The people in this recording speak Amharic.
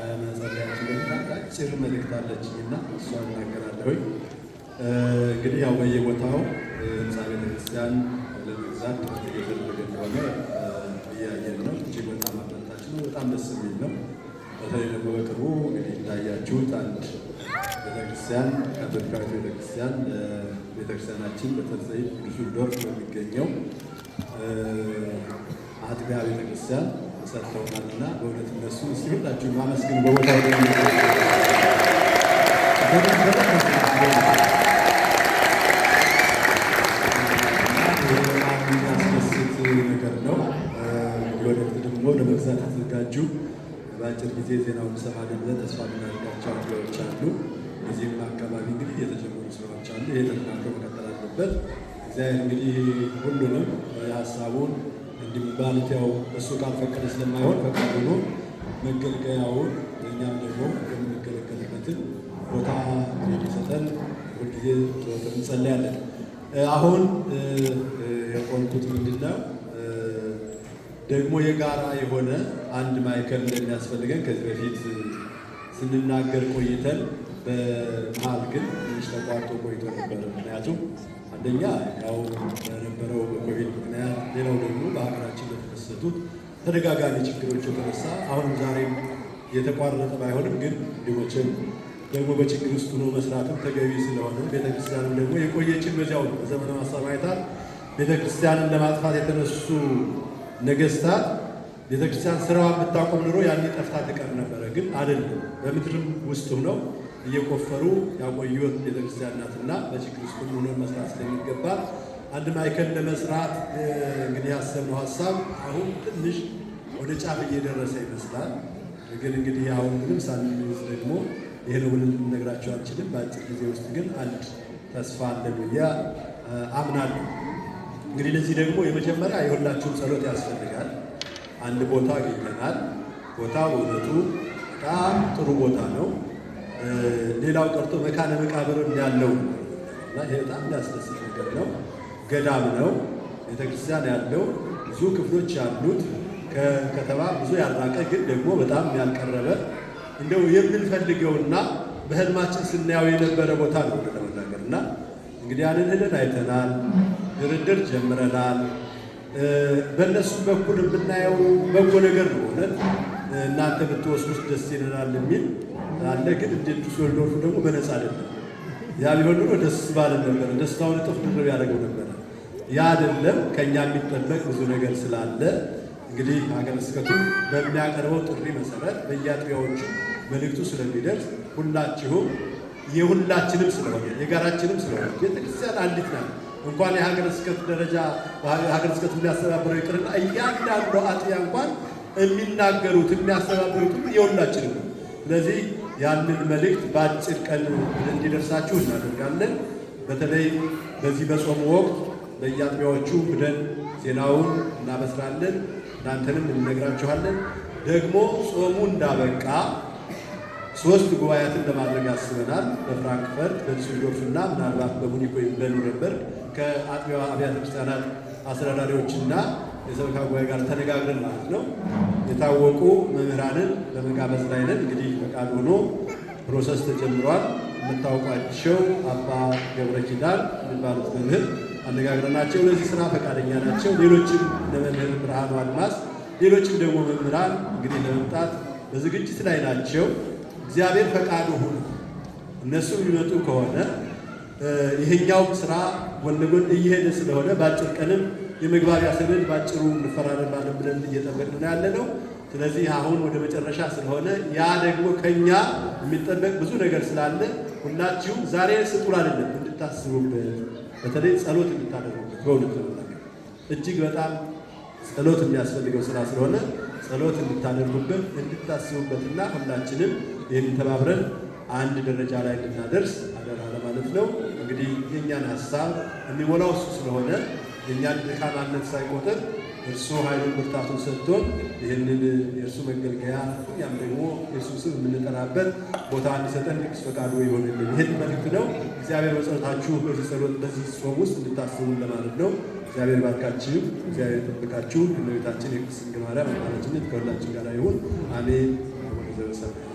ከመጸለያችን በፊት አጭር መልእክት አለችኝ እና እሷ እናገራለሁ እንግዲህ ያው በየቦታው ህንፃ ቤተክርስቲያን ለመግዛት እየተደረገ እንደሆነ እያየን ነው። እጅግ በጣም አበረታችን ነው። በጣም ደስ የሚል ነው። በተለይ ደግሞ በቅርቡ እንግዲህ እንዳያችሁት አንድ ቤተክርስቲያን ካቶሊካዊት ቤተክርስቲያን ቤተክርስቲያናችን በተለይ ዱስልዶርፍ በሚገኘው አጥቢያ ቤተክርስቲያን ሰጥተውናል እና በእውነት እነሱ እስቲ ሁላችሁ ማመስገን በቦታ የሚያስደስት ነገር ነው። ወደፊት ደግሞ ለመግዛት የተዘጋጁ በአጭር ጊዜ ዜናውን እንሰማለን ብለን ተስፋ የምናደርጋቸው አጥቢያዎች አሉ። በዚህም አካባቢ እንግዲህ የተጀመሩ ስራዎች አሉ። ይሄ ተጠናክሮ መቀጠል አለበት። እግዚአብሔር እንግዲህ ሁሉንም ሀሳቡን እንዲባሉት ያው እሱ ካልፈቀደ ስለማይሆን ፈቃድ ሆኖ መገልገያውን እኛም ደግሞ የምንገለገልበትን ቦታ እንዲሰጠን ሁልጊዜ እንጸለያለን። አሁን የቆንኩት ምንድን ነው ደግሞ የጋራ የሆነ አንድ ማዕከል እንደሚያስፈልገን ከዚህ በፊት ስንናገር ቆይተን በመሀል ግን ትንሽ ተቋርጦ ቆይቶ ነበር። ምክንያቱም አንደኛ ያው በነበረው በኮቪድ ምክንያት፣ ሌላው ደግሞ በሀገራችን በተከሰቱት ተደጋጋሚ ችግሮች የተነሳ አሁንም ዛሬም የተቋረጠ ባይሆንም ግን ሌሎችም ደግሞ በችግር ውስጥ ሆኖ መስራትም ተገቢ ስለሆነ ቤተክርስቲያንም ደግሞ የቆየችን በዚያው በዘመነ ማሰማይታት ቤተክርስቲያንን ለማጥፋት የተነሱ ነገስታት ቤተክርስቲያን ስራዋ ብታቆም ኑሮ ያን ጠፍታ ትቀር ነበረ። ግን አይደለም። በምድርም ውስጥ ሆነው እየቆፈሩ ያቆዩት ቤተክርስቲያን ናትና በችግር ውስጥ ሆነን መስራት ስለሚገባ አንድ ማዕከል ለመስራት እንግዲህ ያሰብነው ሀሳብ አሁን ትንሽ ወደ ጫፍ እየደረሰ ይመስላል። ግን እንግዲህ አሁን ምንም ሳንስ ደግሞ ይህን ውል ብለን አልችልም። በአጭር ጊዜ ውስጥ ግን አንድ ተስፋ አለ አምናለሁ። እንግዲህ ለዚህ ደግሞ የመጀመሪያ የሁላችሁን ጸሎት ያስፈልጋል። አንድ ቦታ አግኝተናል። ቦታ በእውነቱ በጣም ጥሩ ቦታ ነው። ሌላው ቀርቶ መካነ መቃብርም ያለው እና ይሄ በጣም የሚያስደስት ነገር ነው። ገዳም ነው ቤተክርስቲያን ያለው ብዙ ክፍሎች ያሉት ከከተማ ብዙ ያራቀ ግን ደግሞ በጣም ያልቀረበ እንደው የምንፈልገውና በህልማችን ስናየው የነበረ ቦታ ነው ለመናገር እና እንግዲህ ያንን ህልን አይተናል፣ ድርድር ጀምረናል። በእነሱ በኩል የምናየው በጎ ነገር ነው እውነት እናንተ ብትወስዱት ደስ ይለናል የሚል አለ። ግን እንደ ዱሰልዶርፍ ደግሞ በነፃ አይደለም። ያ ቢሆን ኖሮ ደስ ባለን ነበረ፣ ደስታውን እጥፍ ድርብ ያደርገው ነበረ። ያ አይደለም። ከኛ የሚጠበቅ ብዙ ነገር ስላለ እንግዲህ ሀገረ ስብከቱ በሚያቀርበው ጥሪ መሰረት በየአጥቢያዎቹ መልእክቱ ስለሚደርስ ሁላችሁም የሁላችንም ስለሆነ የጋራችንም ስለሆነ ቤተክርስቲያን አንዲት ናት። እንኳን የሀገረ ስብከት ደረጃ ሀገረ ስብከቱ የሚያስተባብረው ይቅርና እያንዳንዱ አጥቢያ እንኳን የሚናገሩት የሚያስተባብሩት የሁላችንም ነው። ስለዚህ ያንን መልእክት በአጭር ቀን እንዲደርሳችሁ እናደርጋለን። በተለይ በዚህ በጾም ወቅት ለየአጥቢያዎቹ ሂደን ዜናውን እናበስራለን፣ እናንተንም እንነግራችኋለን። ደግሞ ጾሙ እንዳበቃ ሶስት ጉባኤያትን ለማድረግ አስበናል። በፍራንክፈርት በዱስልዶርፍ እና ምናልባት በሙኒክ ወይም በኑረንበርግ ከአጥቢያ አብያተ ክርስቲያናት አስተዳዳሪዎችና የሰብካ ጉባኤ ጋር ተነጋግረን ማለት ነው የታወቁ መምህራንን በመጋበዝ ላይ ነን። እንግዲህ ፈቃድ ሆኖ ፕሮሰስ ተጀምሯል። የምታውቋቸው አባ ገብረ ኪዳን የሚባሉት መምህር አነጋግረናቸው ለዚህ ስራ ፈቃደኛ ናቸው። ሌሎችም ለመምህር ብርሃኑ አድማስ፣ ሌሎችም ደግሞ መምህራን እንግዲህ ለመምጣት በዝግጅት ላይ ናቸው። እግዚአብሔር ፈቃዱ ሆኖ እነሱ ሊመጡ ከሆነ ይሄኛው ስራ ጎን ለጎን እየሄደ ስለሆነ በአጭር ቀንም የመግባቢያ ሰነድ ባጭሩ እንፈራረማለን ብለን እየጠበቅን ያለ ነው። ስለዚህ አሁን ወደ መጨረሻ ስለሆነ ያ ደግሞ ከኛ የሚጠበቅ ብዙ ነገር ስላለ ሁላችሁም ዛሬ ስጡር አይደለም እንድታስቡበት፣ በተለይ ጸሎት እንድታደርጉበት በእውነት እጅግ በጣም ጸሎት የሚያስፈልገው ስራ ስለሆነ ጸሎት እንድታደርጉበት እንድታስቡበትና ሁላችንም ይህን ተባብረን አንድ ደረጃ ላይ እንድናደርስ አደራ ለማለት ነው። እንግዲህ የእኛን ሀሳብ የሚሞላው እሱ ስለሆነ የእኛን ድካማነት ሳይቆጥር እርሱ ኃይሉን ብርታቱን ሰጥቶን ይህንን የእርሱ መገልገያ ያም ደግሞ የእርሱ ስም የምንጠራበት ቦታ እንዲሰጠን ቅዱስ ፈቃዱ ይሆንልን። ይህን መልእክት ነው እግዚአብሔር በጸሎታችሁ በዚህ ጸሎት በዚህ ጾም ውስጥ እንድታስቡ ለማለት ነው። እግዚአብሔር ባርካችሁ፣ እግዚአብሔር ጠብቃችሁ። እመቤታችን የቅድስት ድንግል ማርያም አማላጅነት ከሁላችን ጋር ይሁን። አሜን። ዘበሰብ